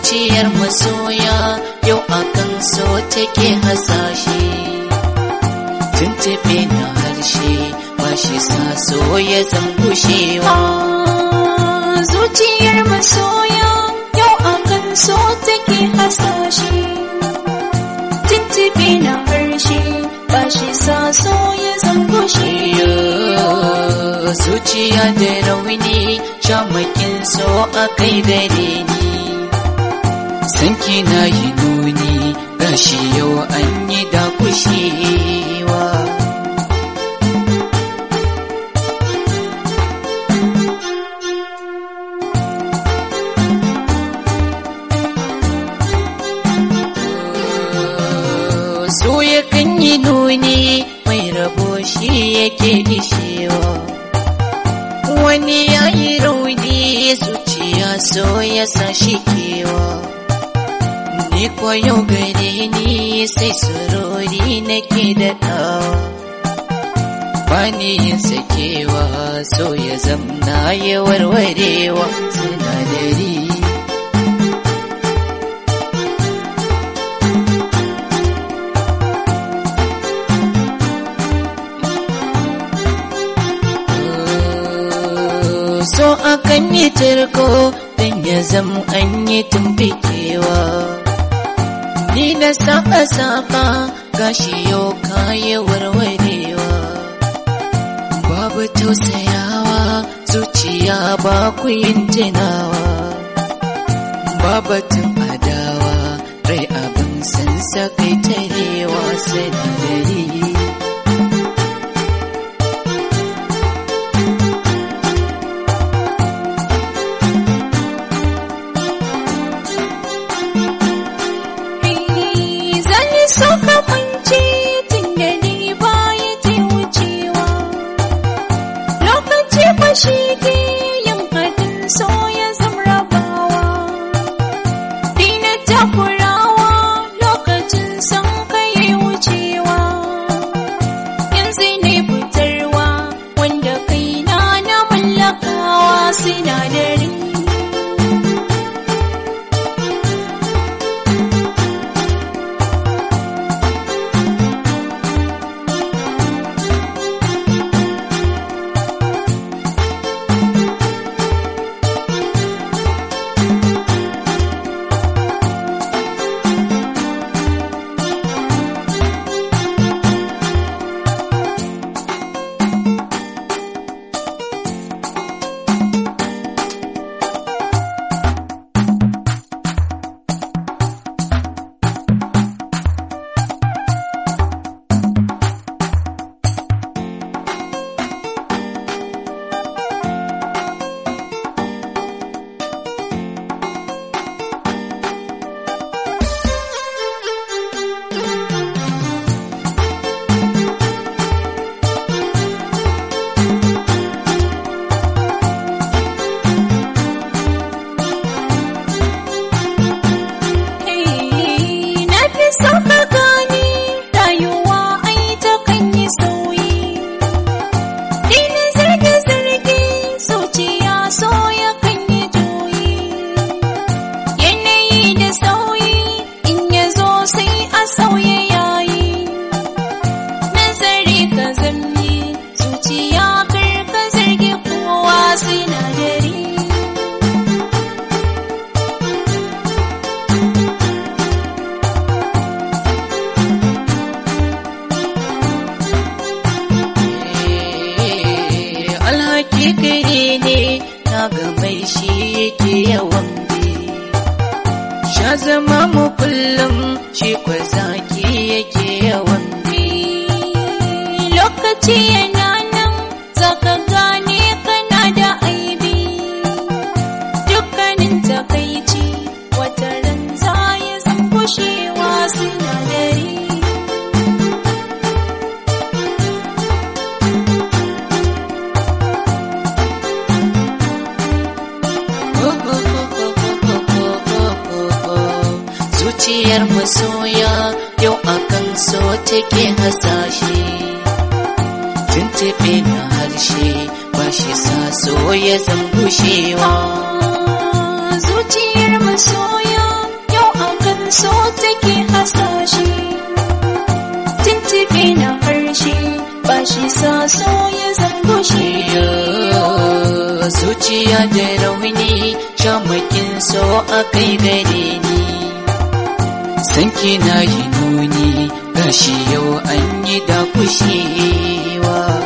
zuciyar masoya yau akan so take hasashe tuntube na harshe ba shi sa so ya zangushewa zuciyar masoya yau akan so take hasashe tuntube na harshe ba shi sa so ya zangushewa zuciya da rauni shamakin so a kai dare na yi nuni shi yau an yi da kushewa so kan yi nuni mai rabo shi yake ishewa wani ya yi rauni zuciya so ya sa shi kewa kai koyo gare ni sai surori nake da ta. bani yin sakewa so ya zamna ya warwarewa sinadari so akan yi tarko don ya zama an yi tumfikewa ni na saba saba gashi yau kaye warwarewa babu tausayawa zuciya ba ku yin jinawa babu she yake yawan bi sha zama mu kullum shi ku zaki yake yawan bi lokaci yana nan zaka zuciyar masoya yau a kan so take hasashe tuntube na harshe ba shi sa so ya zan gushewa zuciyar masoya yau a kan so take hasashe tuntube na harshe ba shi sa so ya zan gushewa zuciya da rauni shamakin so a kai gare ni san na yi nuni gashi yau an yi da kushewa